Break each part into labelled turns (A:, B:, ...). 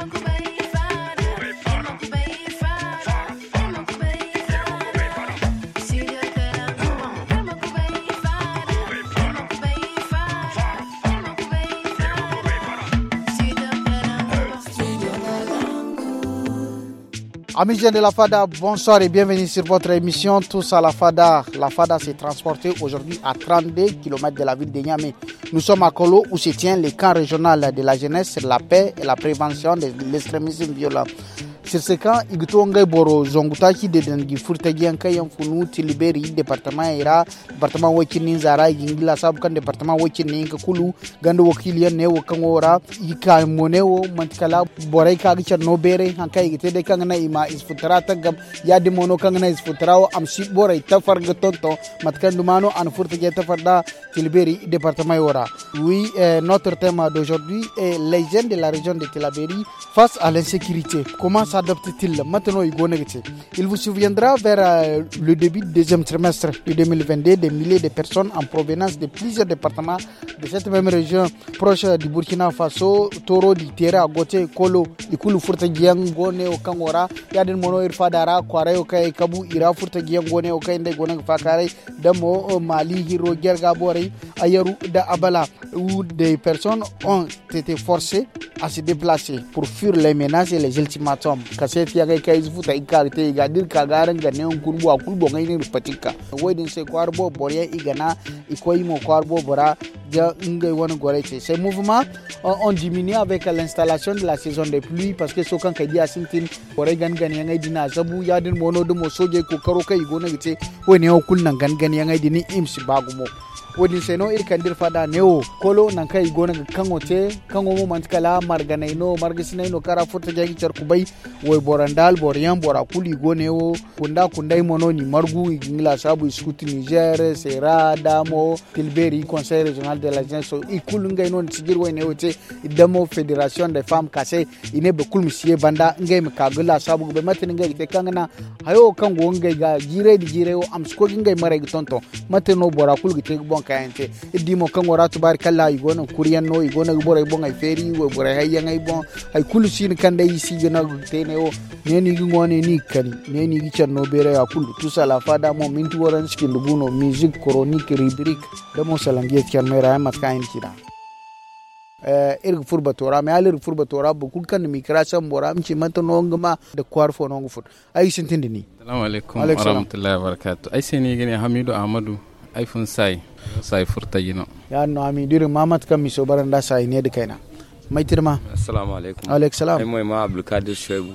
A: Come on,
B: Amis de la FADA, bonsoir et bienvenue sur votre émission Tous à la FADA. La FADA s'est transportée aujourd'hui à 32 km de la ville de Niamey. Nous sommes à Kolo où se tient le camp régional de la jeunesse, la paix et la prévention de l'extrémisme violent shirsika igito ngai boro zongutaki deden gi furtagi an kai funu tilberi departement ira departement wakin nin zara ingila sabu kan departement wakin nin ka kulu ganda wakili ne wakan wora ika monewo mantikala borai ka gicha no bere han kai de kan ima isfutara ta gab ya de mono kan na isfutara am shi borai ta farga tonto matkan dumano an furtagi ta farda tilberi département wora oui euh, notre thème d'aujourd'hui est les jeunes de la région de Tilaberi face à l'insécurité comment ça adopte-t-il Maintenant, Il vous souviendra vers euh, le début du deuxième trimestre de 2022, des milliers de personnes en provenance de plusieurs départements de cette même région proche du Burkina Faso, Toro, Ditera, Gote, Kolo, Ikulu, Furta, Gone, Okangora, Yadin Mono, Irfadara, Kware, Okai, Kabu, Ira, Furta, Gone, Okai, Ndegonan, Fakare, Damo, Mali, Hiro, Gergabore, Ayaru, Da Abala, où des personnes ont été forcées à se déplacer pour fuir les menaces et les ultimatums. Kasset, Yagai, Kaiz, Futa, Ikarite, Igadir, Kagaran, Ganeon, Kurbu, Akulbo, Patika. Wedin, Sekwar, Bo, Boria, Igana, Ikoimo, Kwarbo, Bora, Ngewon Gorete. Ces mouvements ont, ont diminué avec l'installation de la saison de pluie parce que sokan ka giya sun tin gore gangan yangai dina zabu ya din mono dumo soje ko karo kai gona gice wani hukunnan gangan yangai dini imsi bagumo. woni seno ir kandir fada newo kolo nan kai gona ga kango te kango mo man kala marganai no margisinai no kara futa jagi char kubai woy borandal boryan bora kuli gonewo kunda kundai mono ni margu ingila sabu iskuti niger sera damo tilberi conseil régional de la jeunesse ikulunga ino non sigir woy newo te damo fédération des femmes kase ine be kulmi siye banda ngai me kagula sabu be matin ngai te kangana hayo kango ngai ga jire di jire o am skogi ngai mare tonto matin no bora kul gite bon bon kayante dimo kan wara to bar kala igo na kuriyan no igo na bore bon ay feri wo bore hay yan ay bon ay kulu sin kan dai si gona tene o neni gi ngone ni kani neni gi channo bere ya kulu tu sala fada mo mintu woran skin du bono music chronique rubrique de mo salangiet kan mera mat kayin kira eh, irga furba tora ma alir furba tora bu kukan kan mi kira san bora mi ce mata no ngama da kwar fo no ngufut ai sintin dini
C: assalamu alaikum wa rahmatullahi wa barakatuh ai sai ne gani hamidu ahmadu iphone sai sai furta gino
B: ya no ami dir mamat kam miso baranda sai ne de kaina mai tirma assalamu
C: alaikum alaikum salam ai moy ma abdul kadir shoibu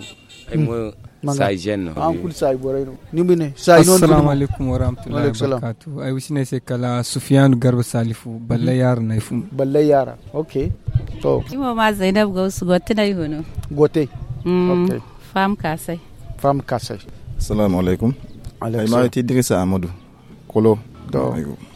D: ay moy sai jenno an kul
B: sai boreno nimbine sai non assalamu alaikum wa rahmatullahi wa barakatuh
E: ai wisine se kala sufyan garba salifu balle yar na ifum balle yara okay to
F: imo ma zainab gausu gote na ihono gote okay fam kasai
E: fam
B: kasai
G: assalamu alaikum alaikum ay ma ti dirisa amadou kolo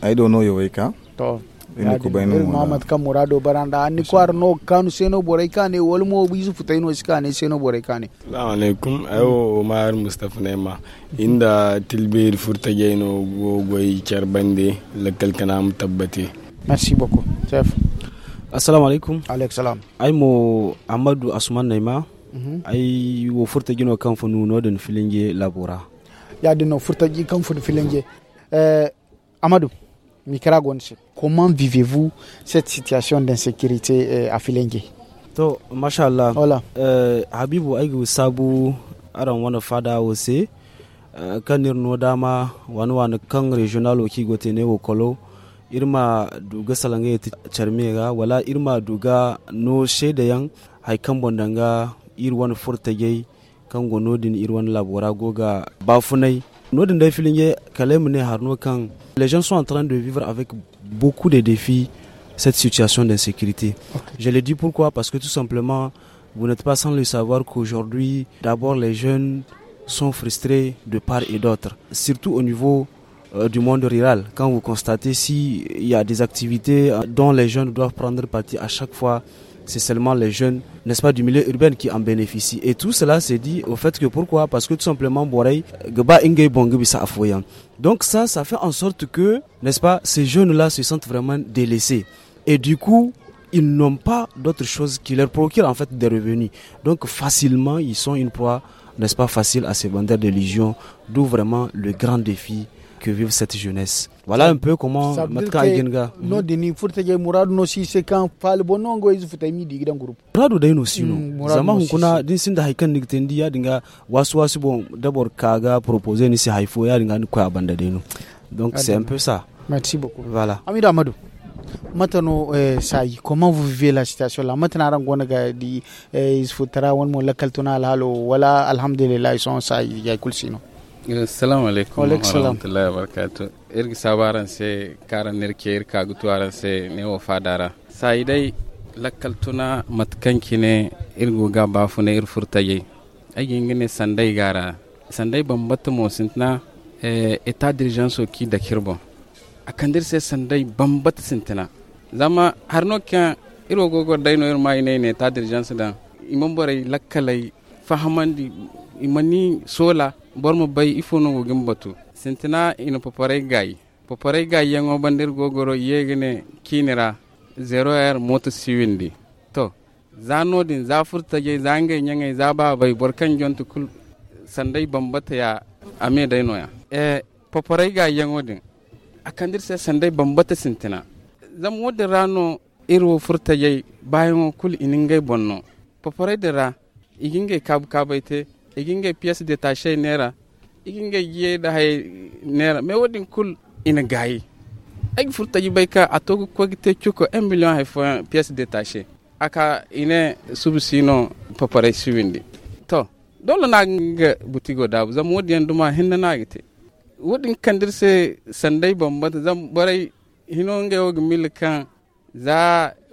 G: i don't know your way ka to mamat
B: kam murado baranda anni ko arno kanu seno boray kane wol mo seno kane assalamu
H: alaikum ayo umar mustafa nema inda tilbir furta jeno gogoy charbande lakal kana mutabbati merci beaucoup chef assalamu alaikum alaikum salam
I: ay mo amadu asman nema mhm. ay wo furta jino kan funu nodon filinge labora
B: ya dino furta ji kan filinge eh Amadou, Mikara comment vivez-vous cette situation d'insécurité euh, à Filengi
I: To, mashallah. Hola. Euh, Habibu Aigu Sabu, aran wani fada Ose, uh, kanir Nodama, dama Kang regional oki gote okolo. irma duga salange charmega, wala irma duga no sheda yang haikan bondanga irwan furtage kan gonodin irwan labora goga bafunai. Les jeunes sont en train de vivre avec beaucoup de défis cette situation d'insécurité. Je le dis pourquoi Parce que tout simplement, vous n'êtes pas sans le savoir qu'aujourd'hui, d'abord les jeunes sont frustrés de part et d'autre, surtout au niveau euh, du monde rural. Quand vous constatez s'il y a des activités euh, dont les jeunes doivent prendre parti à chaque fois, c'est seulement les jeunes, n'est-ce pas, du milieu urbain qui en bénéficient. Et tout cela s'est dit au fait que pourquoi Parce que tout simplement, donc ça, ça fait en sorte que, n'est-ce pas, ces jeunes-là se sentent vraiment délaissés. Et du coup, ils n'ont pas d'autre chose qui leur procure en fait des revenus. Donc facilement, ils sont une proie, n'est-ce pas, facile à ces vendeurs de religion, d'où vraiment le grand défi que vivent cette jeunesse. Voilà un peu comment matka genga.
B: non hmm. Denis si
I: Zama ya dinga wasu kaga proposer ni dinga Donc c'est un peu ça.
B: Merci beaucoup. Voilà. Amadou. matano euh, comment vous vivez la situation là matana aran ga di isfutara won alhamdulillah ya kulsinu
C: assalamu alaikum warahmatullahi wabarakatuh irgi sabaran se karan nirke irka gutuwaran se ne fadara sai dai matkanki ne irgu ga bafu ne ayin gine sandai gara sandai bambata da kirbo akandir se sandai bambata sintina zama har ne da imani sola bor mo bay ifono go batu sentina ina papare gay papare gay yango bandir gogoro yegene kinira zero r moto siwindi to zanodin za furta je zange nyange za ba bay bor kan jontu kul sandai bambata ya ame dai noya e papare gay yango din akandir se sandai bambata sentina zam wodde rano irwo furta je bayan kul iningai bonno papare dira iginge kab kabaite iginga pièce détachée nera iginga da hay nera mais wodin kul ina gayi ay furta yi bayka atogu kogite chuko 1 million hay fo pièce détachée aka ine subsino papare suwindi to dole na ga butigo da zam wodin duma hinna nagite wodin kandirse sandai bambata zam barai hino nge wogi milkan za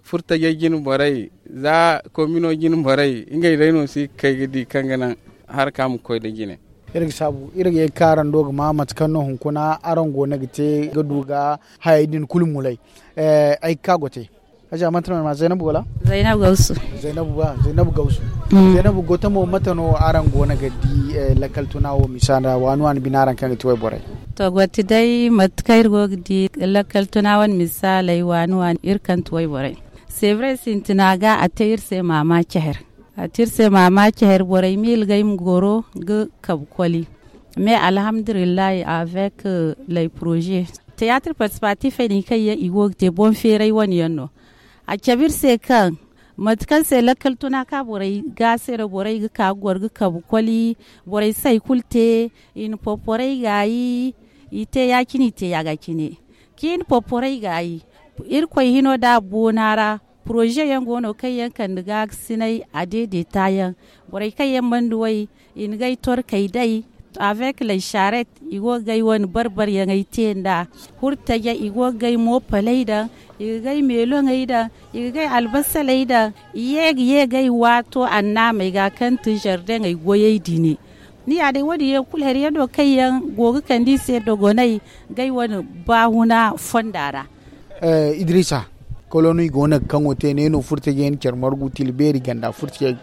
C: furta yayin barai za komino jin barai ingay reno si kai gidi kangana har kamu koi da gine
B: irin sabu irin ye karan doga ma matkan no hunkuna aron go na gite ga duga haidin kulmulai eh ai kagote aja mantana ma Zainabu wala
F: Zainabu Gausu
B: Zainabu ba Zainabu Gausu mm. Zainabu gota mo matano aron go na gadi eh, lakal tunawo misana wanu an binaran kan tuwai borai
F: to gwati dai matkair go gadi lakal tunawan misalai wanu an irkan tuwai borai c'est vrai sintinaga atayir se mama cheher atirse mamaki her borai mil gaim goro ga kabkwali mais alhamdulillah avec euh, les projets théâtre participatif ni kai ya iwo te bon ferai wani yanno a kabir se kan matkan se lakal tuna ka borai ga se ra borai ga ka gor ga kabkwali borai sai kulte in poporai gayi ite ya kini te ya ga kini kin poporai gayi irkoi hino da bonara proje yan gono kai yan kan niga sinai a daidaita yan warai kai yan manduwai in gai tor kai dai avec les charrettes igo gai wani barbar ya ngai tenda hurta ya igo gai mo laida igo gai melo ngai da igo gai albasa laida ye ye gai wato anna mai ga kan tu jardin ngai goyei dini ni ade wadi ye kulher ya do kai yan gogu kandi se dogonai gai wani bahuna fondara
B: eh idrisa kolonu gona kango te ne no furta ganda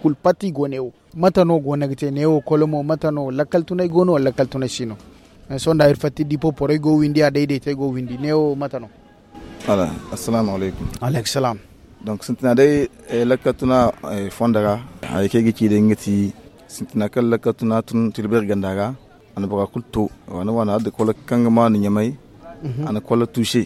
B: kul pati gone o gona te ne kolomo matano. no lakal tunai gono lakal sino eh, Son ir fatti dipo pore go windi a te go windi ne matano.
G: assalam ala assalamu alaikum salam donc sintina et eh, lakal tuna eh, fondara avec ah, ke gici de ngati sintina kal lakal tuna tun tilber ga, an baka kulto wana wana de kolak kangama ni nyamai mhm. an kola touché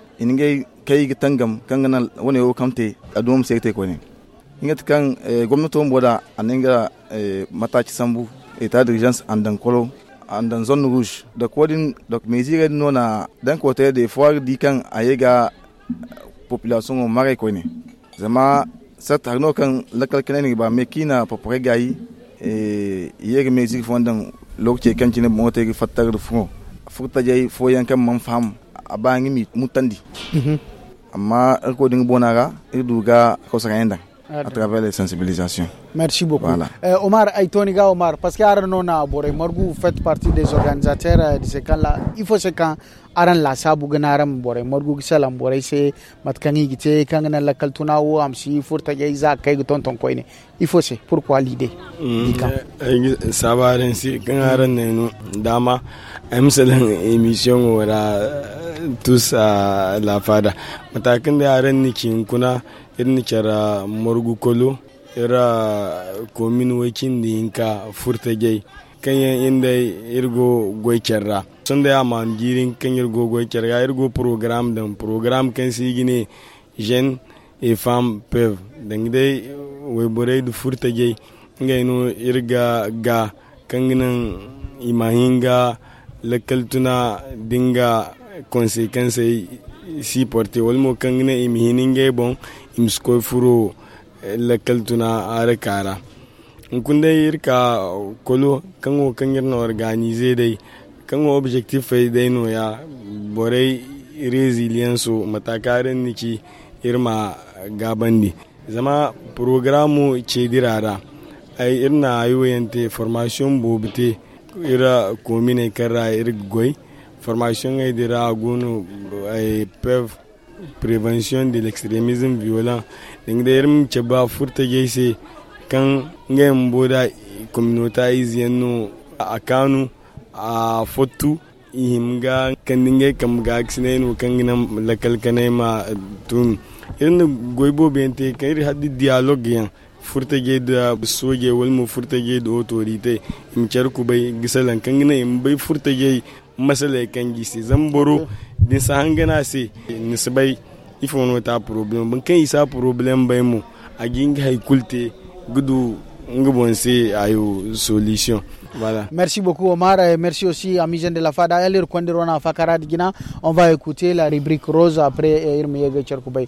G: inge kai gitangam kangana wane o kamte adum sekte ko ne inga kan eh, gwamnati on boda aninga eh, mataci sambu eta eh, dan andan kolo andan zone rouge da kodin da mezira na dan kote de foire di kan ayega population on mare ko ne zama sat harno kan lakal yi. ba mekina popore gayi e yeg mezir fondan lokce kan cine mote fattar fu furta jay fo kan mam fam a bangi mi mutandi mhm. amma irko dinga bonaga irduga kausaka yandan à travers les sensibilisations. Merci beaucoup. Voilà.
B: Euh, Omar, Aïtoniga Omar, parce que Aran a Boré Morgou, vous faites partie des organisateurs euh, de ce camp-là. Il faut ce camp. Aran la sabu gana aran bore morgu gisala bore se matkangi gite kangana la kaltuna wo amsi furta ya iza kai guton ton koine il faut c'est pourquoi l'idée
H: sabarin si kangaran ne no dama amsalan emission wara euh, tous la fada matakin da aran nikin kuna irin kera morgu kolo ira komin wakin da yinka furta gai kanyan inda irgo goy kerra sun da ya jirin kan irgo goy kerra irgo program dan program kan si gine jen e fam pev dan dai wai bore du furta gai ngai no irga ga kan imahin imahinga lakaltuna dinga conséquence si porte walmo kangna im hininge bon im skoy furo eh, lakal tuna ara kara kun dai irka kolo kango kangir na organize dai kango objectif fai dai no ya bore resilience matakarin niki irma gabandi zama programu ce dirara ai irna ayoyante formation bobite ira komine karra irgoi formation et de ragoun peuvent prévention de l'extrémisme violent dinga da yarmin ce ba furta gaise kan ngayen boda communauta iziyan a kanu a Fotou, ihimga kan dinga kam ga aksine no kan gina lakal kanai ma tun irin bente kan irin haddi dialogue yan furtage da soge walmu furtage da autorite in charku bai gisalan kan gina in bai furtage masala kan gise zan boro mm. na sa hangana se nisbai ifo no ta problem ban kan isa problem bai mu a ginga hay kulte gudu ngubon se ayo solution Voilà.
B: Merci beaucoup Omar et merci aussi à Mijen de la Fada. On va écouter la rubrique rose après eh, Irmiyege Tcherkoubay.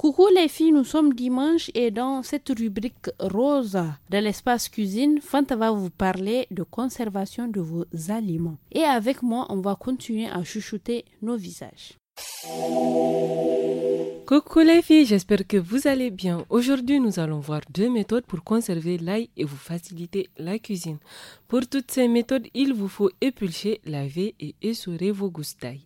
J: Coucou les filles, nous sommes dimanche et dans cette rubrique rose de l'espace cuisine, Fanta va vous parler de conservation de vos aliments. Et avec moi, on va continuer à chuchoter nos visages.
A: Coucou les filles, j'espère que vous allez bien. Aujourd'hui, nous allons voir deux méthodes pour conserver l'ail et vous faciliter la cuisine. Pour toutes ces méthodes, il vous faut épulcher, laver et essorer vos gousses d'ail.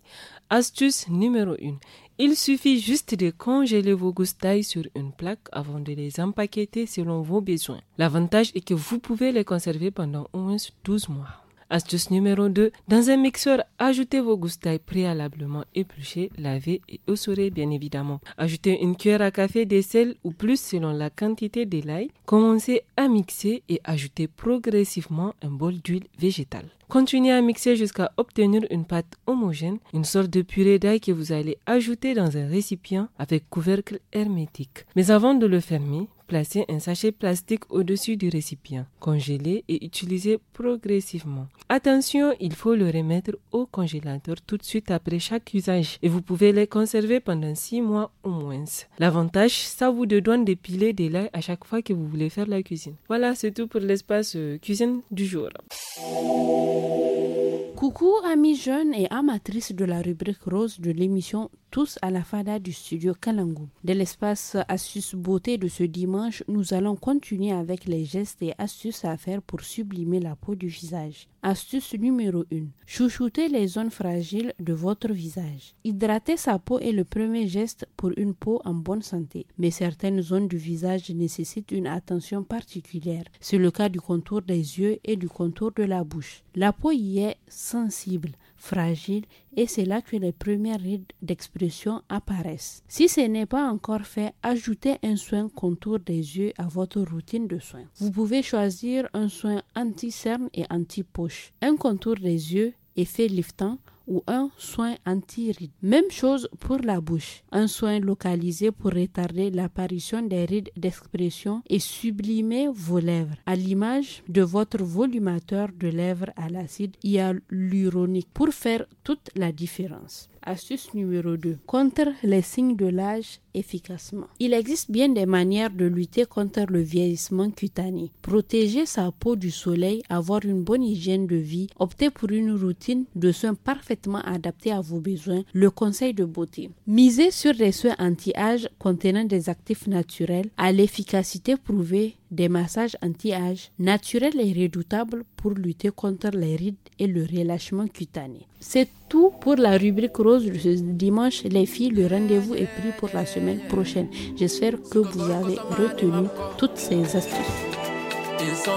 A: Astuce numéro 1. Il suffit juste de congeler vos gousses d'ail sur une plaque avant de les empaqueter selon vos besoins. L'avantage est que vous pouvez les conserver pendant 11- 12 mois. Astuce numéro 2. Dans un mixeur, ajoutez vos d'ail préalablement épluchées, lavées et essorées bien évidemment. Ajoutez une cuillère à café de sel ou plus selon la quantité de l'ail. Commencez à mixer et ajoutez progressivement un bol d'huile végétale. Continuez à mixer jusqu'à obtenir une pâte homogène, une sorte de purée d'ail que vous allez ajouter dans un récipient avec couvercle hermétique. Mais avant de le fermer, Placez un sachet plastique au-dessus du récipient, congélez et utilisez progressivement. Attention, il faut le remettre au congélateur tout de suite après chaque usage et vous pouvez les conserver pendant 6 mois ou moins. L'avantage, ça vous donne d'épiler des laits à chaque fois que vous voulez faire la cuisine. Voilà, c'est tout pour l'espace euh, cuisine du jour. Coucou
J: amis jeunes et amatrices de la rubrique rose de l'émission Tous à la Fada du studio Kalangu. De l'espace astuces beauté de ce dimanche, nous allons continuer avec les gestes et astuces à faire pour sublimer la peau du visage. Astuce numéro 1. Chouchouter les zones fragiles de votre visage. Hydrater sa peau est le premier geste pour une peau en bonne santé, mais certaines zones du visage nécessitent une attention particulière. C'est le cas du contour des yeux et du contour de la bouche. La peau y est sensible fragile et c'est là que les premières rides d'expression apparaissent. Si ce n'est pas encore fait, ajoutez un soin contour des yeux à votre routine de soins. Vous pouvez choisir un soin anti-cerne et anti-poche, un contour des yeux, effet liftant ou un soin anti-rides. Même chose pour la bouche, un soin localisé pour retarder l'apparition des rides d'expression et sublimer vos lèvres, à l'image de votre volumateur de lèvres à l'acide hyaluronique, pour faire toute la différence. Astuce numéro 2. Contre les signes de l'âge efficacement. Il existe bien des manières de lutter contre le vieillissement cutané. Protéger sa peau du soleil, avoir une bonne hygiène de vie, opter pour une routine de soins parfaitement adaptée à vos besoins, le conseil de beauté. Miser sur des soins anti-âge contenant des actifs naturels à l'efficacité prouvée des massages anti-âge naturels et redoutables pour lutter contre les rides et le relâchement cutané. C'est tout pour la rubrique rose de ce dimanche. Les filles, le rendez-vous est pris pour la semaine prochaine. J'espère que vous avez retenu toutes ces astuces.
C: Ils sont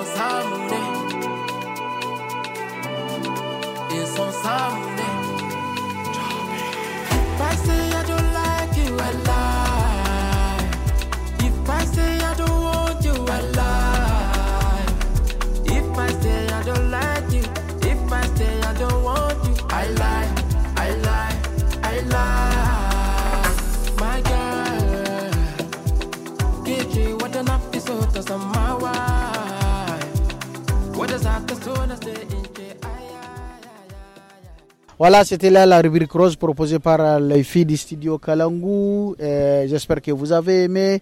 B: Voilà, c'était là la rubrique rose proposée par euh, les filles du studio Kalangu. Euh, j'espère que vous avez aimé.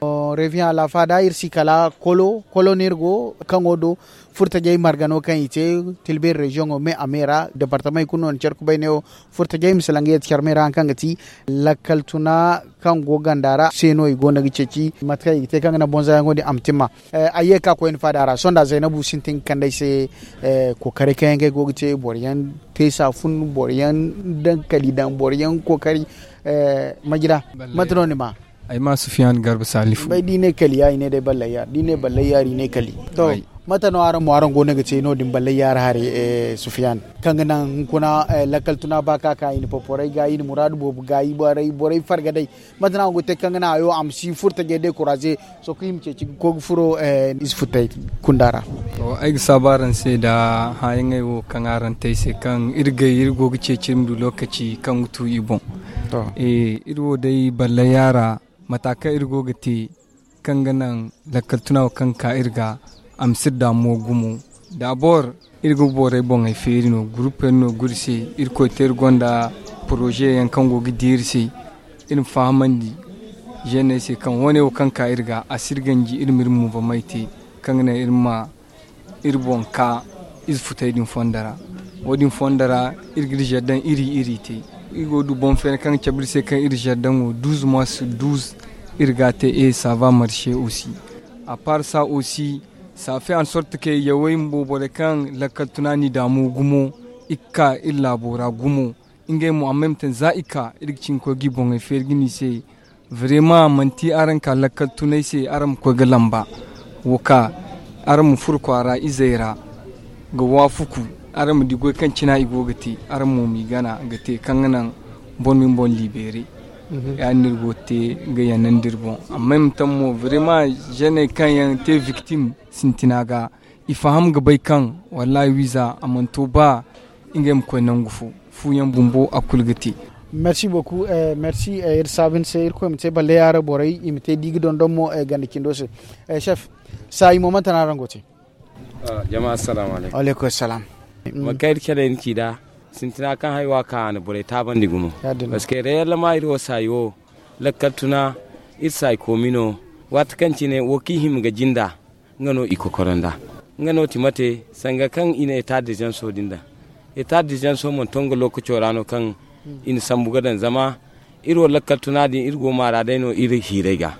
B: On revient à la Fada, Irsikala, Kolo, Kolo Nirgo, Kangodo. furta jay margano kan ite tilbe region o me amera departement kuno cer ko bayne furta jay misalange cer mera kan gati lakaltuna kan go gandara seno i gona giceci matka ite kan na bonza ngodi amtima eh, aye ka ko en fadara sonda zainabu sintin kan se eh, ko kare kan ge go gite boryan tesa fun boryan dankali dan boryan kokari eh, majira
E: matronima ai ma sufiyan garba salifu bai
B: dine kali ya ne dai ballayya dine ballayya ne kali to mata no aran waran gona ga no din balle yar hare eh, sufyan kanga nan kuna eh, lakal tuna ba ka ka in poporai ga in muradu bo ga yi borai borai farga dai mata na te kan na ayo am si furta ge de kuraje so kim ce ci ko furo eh, is futai kundara
E: to ai sabaran sai da yin ai wo kan aran tai sai kan irge irgo gice cin du lokaci kan utu ibon to eh irwo dai balle yara mataka irgo gati kan ganan lakal tuna kan ka irga am sirda mo d'abord irgo bore bon e feri groupe no gursi irko ter gonda projet en kango gidirsi in famandi jene se kan wone o kanka irga asirganji irmir mu ba maiti kangana irma irbon ka isfutay din fondara wodin fondara irgir jardin iri iri te igo du bon fen kan chabir se kan iri jardin o 12 mois 12 irga te et ça va marcher aussi à part ça aussi Safi an sorta ke yawain kan lakal tunani damu gumo ikka illa bora gumo inge mu en même zaika irgcin kogi gi bonga e gini se vraiment manti aran ka lakal tunai se aram ko lamba woka aram furkwara izaira ga wafuku aram digo kan cina igogati aram mu mi gana gate kan nan bon min bon libere ya nirgo te ga yanan dirbon amma mutan mo vraiment jene kan yan te victime sintina ga ifaham ga bai kan wallahi wiza amma to ba ingem ko nan gufu fu yan bumbo akulgati
B: merci beaucoup eh, merci eh, ir sabin se ir ko imte balle yara borai te digi don don mo eh, gandi kindose eh, chef sai mo mantana rangote
D: ah, jama'a assalamu alaikum
B: alaikum assalam makayir
D: kada yin kida sintina kan haiwa ka ana bure ta bandi gumo paske reya lama iri wasa yo lakkatuna irsa komino wata kan cine woki him ga jinda ngano iko koranda ngano timate sanga kan ina ita da jan so dinda ita e da jan so mon tongo lokaci rano kan in sambuga dan zama iro lakkatuna din irgo mara dai no iri hirega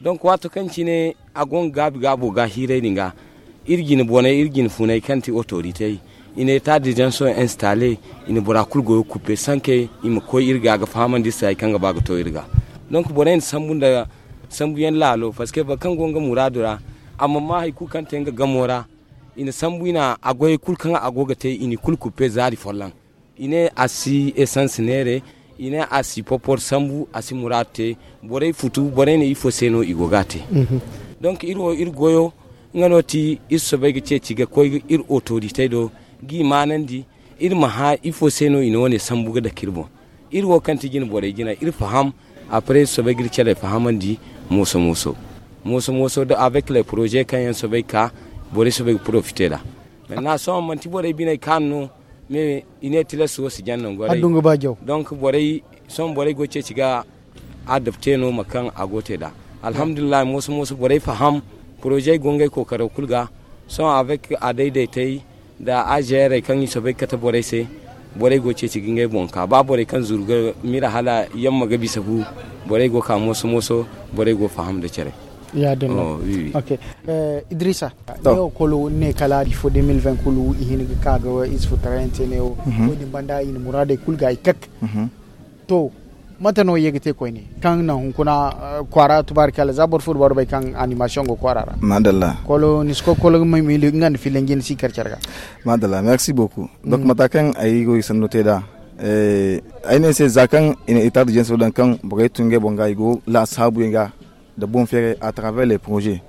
D: donc wato kanci ne agon gabi gabo ga hirai irgin bone irgin funai kanti autorite ine ta dijan so installe ine bora kurgo kupe sanke im ko irga ga fama ndisa ay kanga ba to irga donc bora en sambunda sambu yen lalo parce que ba kango nga muradura amma ma hay ku kan tenga gamora ine sambu ina agoy kul kanga agoga te ine kul kupe zari forlan ine asi essence nere ine asi popor sambu asi murate bora futu bora ne ifo seno igogate mm -hmm. donc iro irgoyo ngano ti isobege che chiga ko ir autorité do gi di ir maha ifo seno ino ne buga da kirbo ir wo kanti gin bore gina ir faham so sobe gir chele di muso muso muso muso da avec le projet kan yan sobe ka bore sobe profiter da maintenant so man ti bore bina no me ine tile so si jannan gore adunga ba jaw donc bore son bore go che ciga adapte no makan agote da alhamdulillah muso muso bore faham projet ko karo kulga son avec a daidaitai da ajere kan yi sabai kata bore se bore go ce cikin gai bonka ba bore kan zurga mira hala yamma ga sabu bore go ka moso moso bore go faham da cere ya dun oh,
B: ok uh, idrissa yau ah, oh. kolo ne kala di fo 2020 kulu ihin ka ga is fo 30 ne o ko mhm. di banda in murade kulga ikak mm to mata no yegite ko ni kan na hun kuna eh, kwara tubarkala zabor football bay kan animation go kwarara madalla kolo nisko kolo mi mi ngan filengin si karcharga madalla merci beaucoup
G: mm. donc mata kan ay go isan note da eh ayne se zakan ina itar de jens dan kan bogay tunge bonga go la sabu nga da bon fere à travers les projets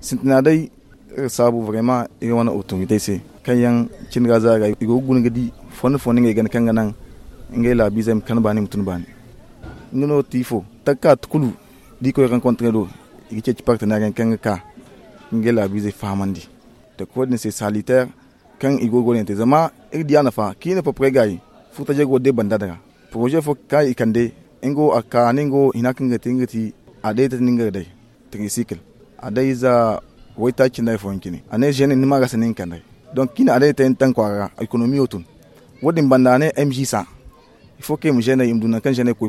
G: sintina dai eh, sabu vraiment iga wana autorité se kan yan cin gaza ga go gunga di fon fon ngai gan kan ganan ngai la bizam kan bani mutun bani no tifo taka tukulu diko rencontre do igice ci partenaire kan ka ngela bize famandi te ko ne c'est salitaire kan igo go ne te zama ir diana fa kine po pregai futa je go de banda daga projet fo kai ikande ingo aka ningo hinakin ga tingati a dai ta ninga dai tricycle a dai za waita kin dai fon kini ane jene ni maga sanin kan donc kina a dai ta tan kwara economy otun wodin banda ne mg sa il faut que mu jene imduna kan jene ko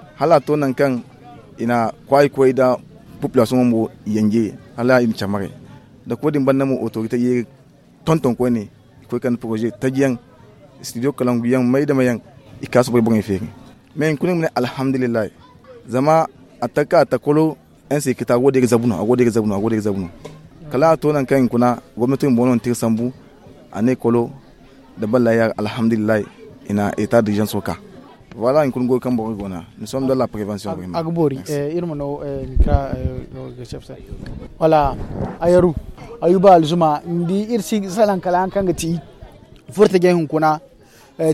G: hala to nan kan ina kwai kwai da population mu yenge hala im chamare da ko din banna mu autorité ye tonton ko ne ko kan projet tagiyan studio kalangu yan mai da mayan ikaso boy bon efek men kunin ne alhamdulillah zama ataka atakolo en se kita wode zabuno agode zabuno agode zabuno kala to nan kan kuna gwamnatin bonon tirsambu ane kolo da balla ya alhamdulillah ina eta dijan soka Voilà une congo cambori gona. Nous sommes dans la prévention vraiment.
B: Agbori, eh, irmo no eh, ka eh, chef ça. Voilà, ayaru. Ayuba alzuma ndi irsi salan kala an kanga ti furta gay hun kuna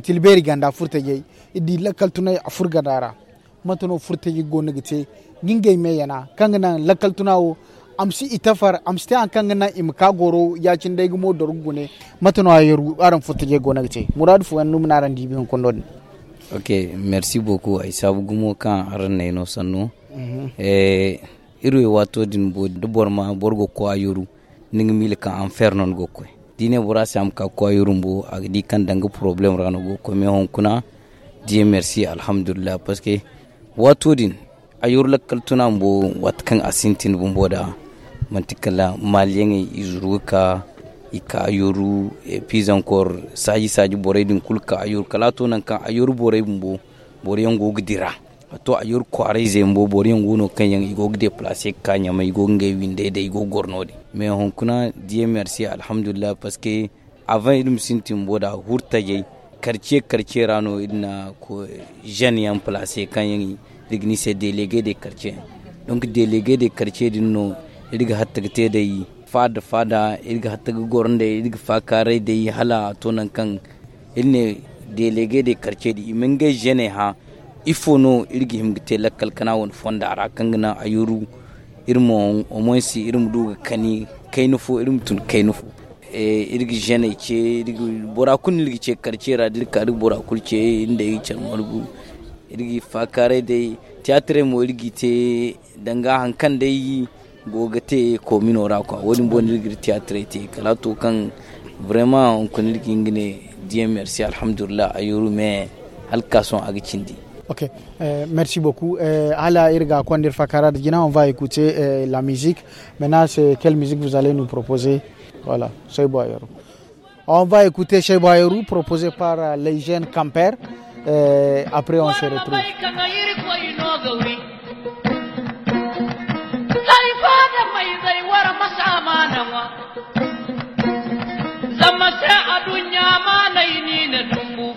B: tilberi ganda furta gay idi lakal tunai afur gadara. Matuno furta gay gona gite gingay meyana kanga nan lakal tunawo amsi itafar amsi an kan na imka goro ya cin dai gumo da rugune matano ayaru aran furta gay gona gite. Muradu fu an numna ran dibin kondon.
K: ok merci beaucoup ay sabu gumo kan aran na ino sannu mhm. eh iru wato din bo do borma borgo ko ayuru ning mil kan an fer non go ko dine bura sa am ka ko bo a di kan dang problem rano go ko me hon kuna di merci alhamdulillah parce que wato din a yuru lakkal tuna bo wat kan asintin bo bumboda mantikala maliyen e izuru ka i ka ayoru e, encore saji saji borey din kul ka ayoru kala to nan kan ayoru borey mbo borey ngo gdira to ayoru kware ze mbo borey ngo no kan yang igo gde place ka nyama igo nge winde de igo gornode me hon kuna die merci alhamdulillah parce que avant idum sintim boda hurta je karche karche rano idna ko jeune yan place kan yang digni se délégué de karce donc délégué de karce din no diga hatta gte de fada fada ilga hatta goron da ilga fa da yi hala tonan kan ilne delege de karce di imin ga jene ha ifo no irga himgite lakal kana wani fonda a a kangana ayuru irin omonsi irin duga kani nufo irin tun kai nufo e, irga jene ce irga borakun irga ce karce ra dirka borakun ce inda yi can marbu irga fa kare da tiyatire mo irga te danga hankan da yi goga te ko minora kwa wodi boni rigir teatre te kala to kan vraiment on kunir kingine dieu merci alhamdulillah ayuru me halka son agi cindi
B: Ok, euh, merci beaucoup. Euh, Ala Irga ko ndir Fakara on va écouter euh, la musique. Maintenant, c'est quelle musique vous allez nous proposer Voilà, Chez Boyerou. On va écouter Chez Boyerou, proposé par euh, les jeunes campers. Euh, après, on se retrouve.
J: da mai zaiwar masa manawa zama sai a dunya malai ni na dumbu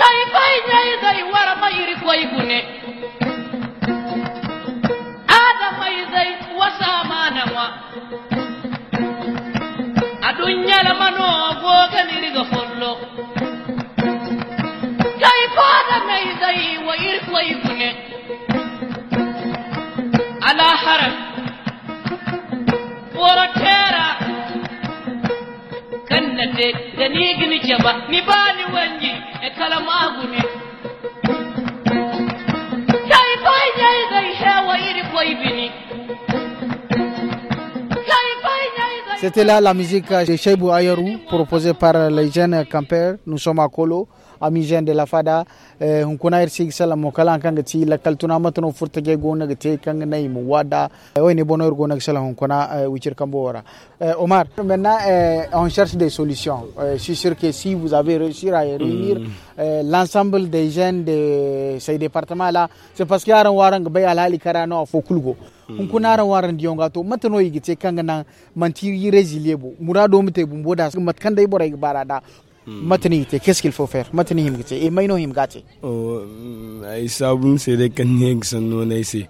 J: kai kai yayi zaiwar mai rikoi gune mai zai wasa manawa a dunya la mano goga ni riga follo kai ko da mai zai wa irkoi gune C'était
B: là la musique de Cheibou Ayerou proposée par les jeunes campeurs. Nous sommes à Kolo ami gen de la fada on eh, ir sig sala mo kala kan ga ti la kal tuna matno furta ge gona ga te kan nay mu wada eh, o ne bono ir gona ga sala hunkuna eh, wichir kan bora Omar maintenant on cherche des solutions je suis sûr que si vous avez réussi à réunir mm. l'ensemble des jeunes de ces départements là c'est parce qu'il y a un bay alali karano fo kulgo hun kuna ran waran diyon ga to matano te kan nan mantiri resiliebo murado mute bumboda matkan dai borai barada matani te qu'est-ce qu'il faut faire matani him gati e
H: maino him gati oh ay sabun se de kan ne san no ne se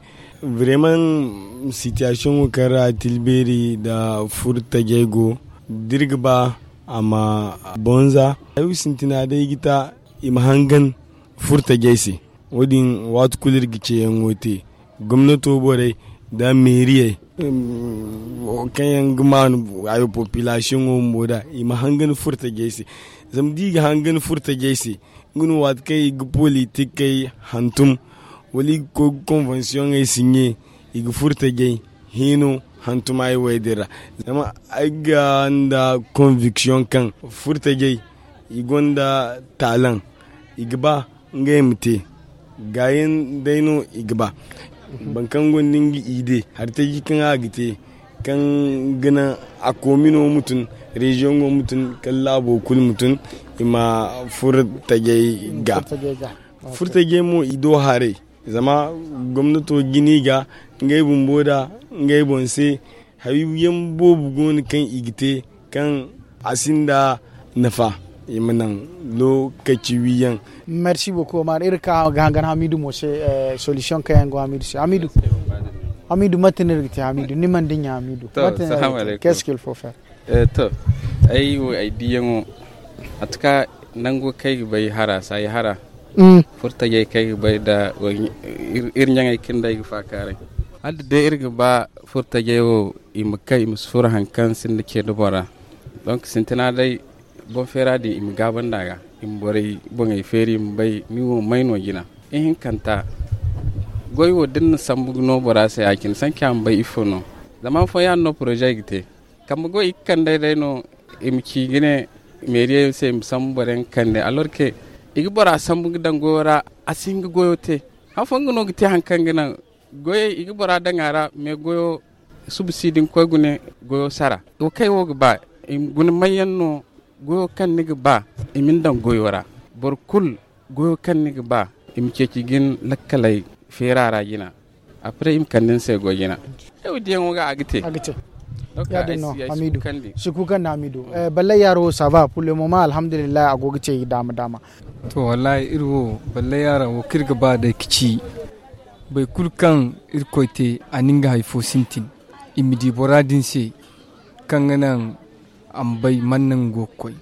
H: vraiment situation kara tilberi da furta jego dirgba ama bonza ay sintina da gita imhangan furta gese wadin wat kulir gice yan wote gwamnato borai da meriye kan yan gman ayo population wo moda ima hangan furta gese zam diga hangen furta jaisi ngun wat kai ga politik kai hantum wali ko convention ai sinye ig furta gai hino hantum ay wedira zama aga conviction kan furta gai igonda talan igba ngai mti gayin daino igba bankan gondin ide har ta yi kan agite kan gina a komino mutum region go mutum kan labo kul mutum ima furtage ga furtage mu ido hare zama gwamnato gini ga ngai boda ngai se habibu yan bobu goni kan igite kan asinda nafa imanan lokaci wiyan
B: merci beaucoup mar irka gangan hamidu mo se eh, solution kayan go hamidu hamidu hamidu gita hamidu ni man dinya hamidu
H: qu'est-ce qu'il
E: faut faire
C: eh to ai wo ai diyango atka nango kai bai hara sai hara Mm. furta yai kai bai da irnya ngai kinda fa kare. hadda dai irga ba furta yai wo i makai musfur hankan sin da ke dubara donc sintina dai bon fera di im gaban daga im bore bon ai feri bai mi wo maino gina in kanta goy wo din sambug no bora se yakin san kyam bai ifo no zaman fo ya no project kam go ikkan dai dai no imki gine meri se sam boren kande alors que igi bora sambug dan gora asing goyote fo no gite hankan gina goye igi bora dangara me goyo subsidin ko gune goyo sara o kai wog ba gun mayen no goyo kan niga ba imin dan goyora bor kul goyo kan niga ba imke gin lakkalai ferara gina après im kandin sai go gina yau diyan waga agite
B: agite ya dinno hamidu shi kan na hamidu eh, balle yaro sava pulle mama alhamdulillah agogo dama dama
E: to wallahi irwo balle yaro wo kirga ba da kici bai kulkan irkoite aninga haifo sintin imidi boradin sai kan ganan an bai mannan gokoi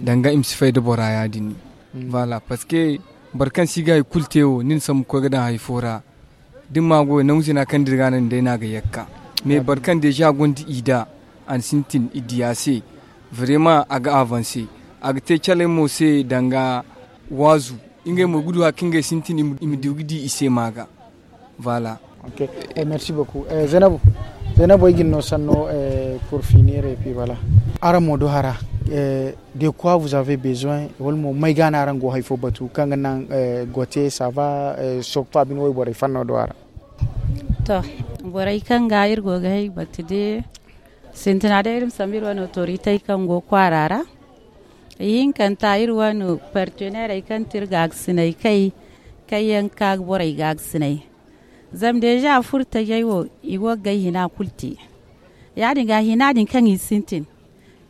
E: danga imsi fai da bora ya dini mm. vala que. barkan siga kultewo nin sam ko gadan haifora din mago na musina kan nan dai na ga yakka me barkan de ja gondi ida an sintin idiyase vrema aga avancer aga te chale mo se danga wazu inge mo gudu kinge sintin imidugidi ise maga voilà
B: ok eh, merci beaucoup eh, zainabu zainabu igin no sanno eh, pour finir et puis voilà ara do hara Eh, de quoi vous avez besoin walmo mai gana ran go haifo batu kan nan eh, gote sava eh, sokpa bin wai e borai fanno
F: to kan ga ir go ga batu de da irin samir autorite kan go kwarara yin kan ta ir partenaire kan sinai kai ka ga sinai zam furta yayo iwo ga hina kulti ya hina din kan sintin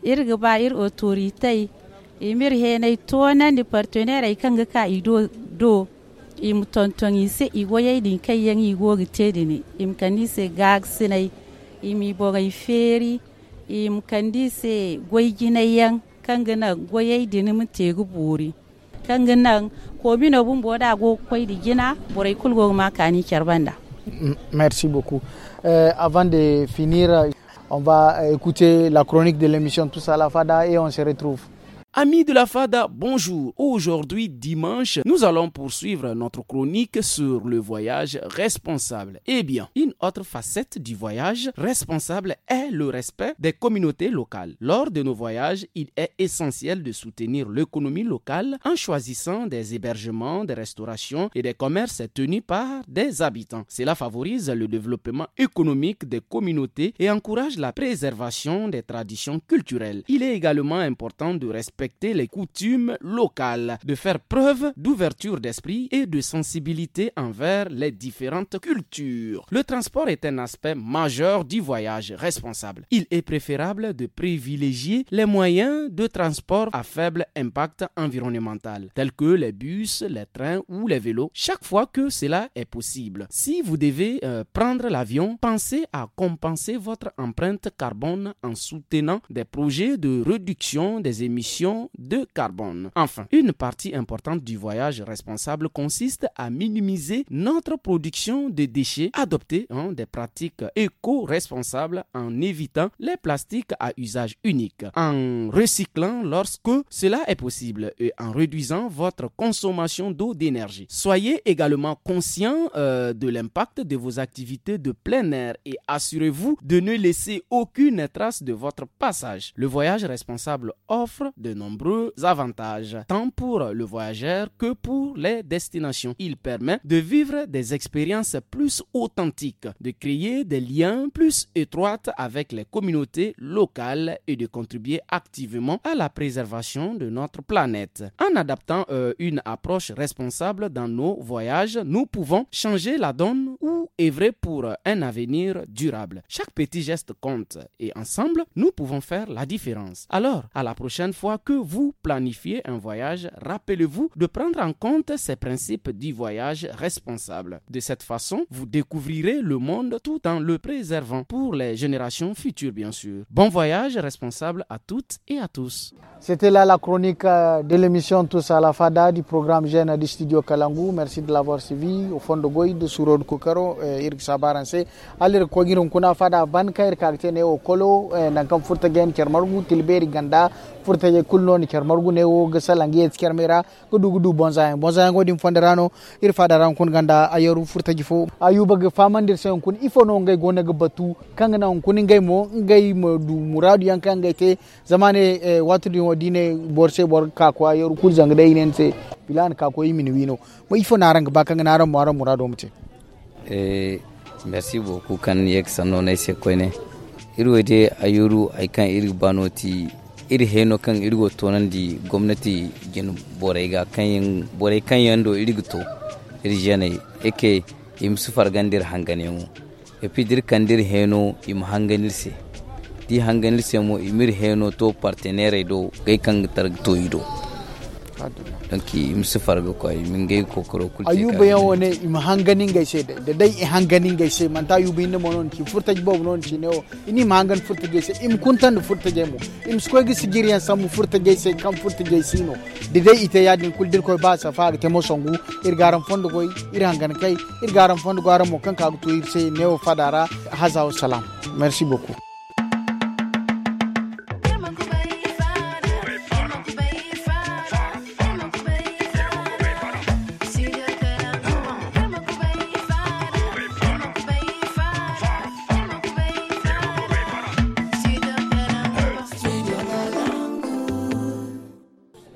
F: irga ba ir autoritai imir henai tona ni partenaire kanga ka ido do im se i igoye din kai yan igo gitede ne im kanise gag sinai boga i feri im kandise goiginai yan kanga na goye din mu tegu buri kanga na ko no bun boda go koi digina borai kulgo ma kani kyarbanda
B: merci beaucoup euh, avant de finir On va écouter la chronique de l'émission Tous à la Fada et on se retrouve.
L: Amis de la Fada, bonjour. Aujourd'hui, dimanche, nous allons poursuivre notre chronique sur le voyage responsable. Eh bien, une autre facette du voyage responsable est le respect des communautés locales. Lors de nos voyages, il est essentiel de soutenir l'économie locale en choisissant des hébergements, des restaurations et des commerces tenus par des habitants. Cela favorise le développement économique des communautés et encourage la préservation des traditions culturelles. Il est également important de respecter les coutumes locales, de faire preuve d'ouverture d'esprit et de sensibilité envers les différentes cultures. Le transport est un aspect majeur du voyage responsable. Il est préférable de privilégier les moyens de transport à faible impact environnemental, tels que les bus, les trains ou les vélos, chaque fois que cela est possible. Si vous devez euh, prendre l'avion, pensez à compenser votre empreinte carbone en soutenant des projets de réduction des émissions de carbone. Enfin, une partie importante du voyage responsable consiste à minimiser notre production de déchets, adopter hein, des pratiques éco-responsables en évitant les plastiques à usage unique, en recyclant lorsque cela est possible et en réduisant votre consommation d'eau d'énergie. Soyez également conscient euh, de l'impact de vos activités de plein air et assurez-vous de ne laisser aucune trace de votre passage. Le voyage responsable offre de nombreux avantages, tant pour le voyageur que pour les destinations. Il permet de vivre des expériences plus authentiques, de créer des liens plus étroits avec les communautés locales et de contribuer activement à la préservation de notre planète. En adaptant euh, une approche responsable dans nos voyages, nous pouvons changer la donne ou vrai pour un avenir durable. Chaque petit geste compte et ensemble, nous pouvons faire la différence. Alors, à la prochaine fois que vous planifiez un voyage, rappelez-vous de prendre en compte ces principes du voyage responsable. De cette façon, vous découvrirez le monde tout en le préservant pour les générations futures, bien sûr. Bon voyage responsable à toutes et à tous.
B: C'était là la chronique euh, de l'émission Tous à la Fada du programme Gêne du studio Kalangu. Merci de l'avoir suivi au fond de Goïde de Kokaro. irg sabaranse alir kogirin kuna fada van kair kakte ne o kolo eh, nan kan furta gen kermargu tilberi ganda furta je kullo ni kermargu ne o gasa langi et kermera gudu gudu bonza bonza ngo dim ir fada ran kun ganda ayoru furta jifo ayuba ga famandir sen kun ifo no ngai gona ga batu kanga na kun ngai mo ngai mo du muradu yan ngai te zamane eh, watu di dine borse bor ka ko ayoru kul zanga dai se bilan ka ko yimini wino mo ifo naran ga bakanga naran mo aran murado mutin
K: Eh, merci beaucoup kan yek sanno nay se ayuru ay kan banoti iri heno kan tonandi gomnati gen borega kan yin bore kan yando to iri eke im Sufar Gandir hangane kandir heno im hanganir di imir heno to partenaire do kai kan donc musu sifarga kwayi min gay kokoro kul ayuba
B: yawone im hanganin gaishe da dai i hanganin gaishe se man ta yubi ne monon ki furtaj bob non ci ne o ini ma hangan furtaj se im kuntan furtaj mo im skoy gi sigiriyan samu furtaj kan furta furtaj no da dai ite ya din dir koy ba sa fa te mo songu ir garan fondo koy ir hangan kai ir garan fondo garan mo kan ka to ir ne o fadara hazaw salam merci beaucoup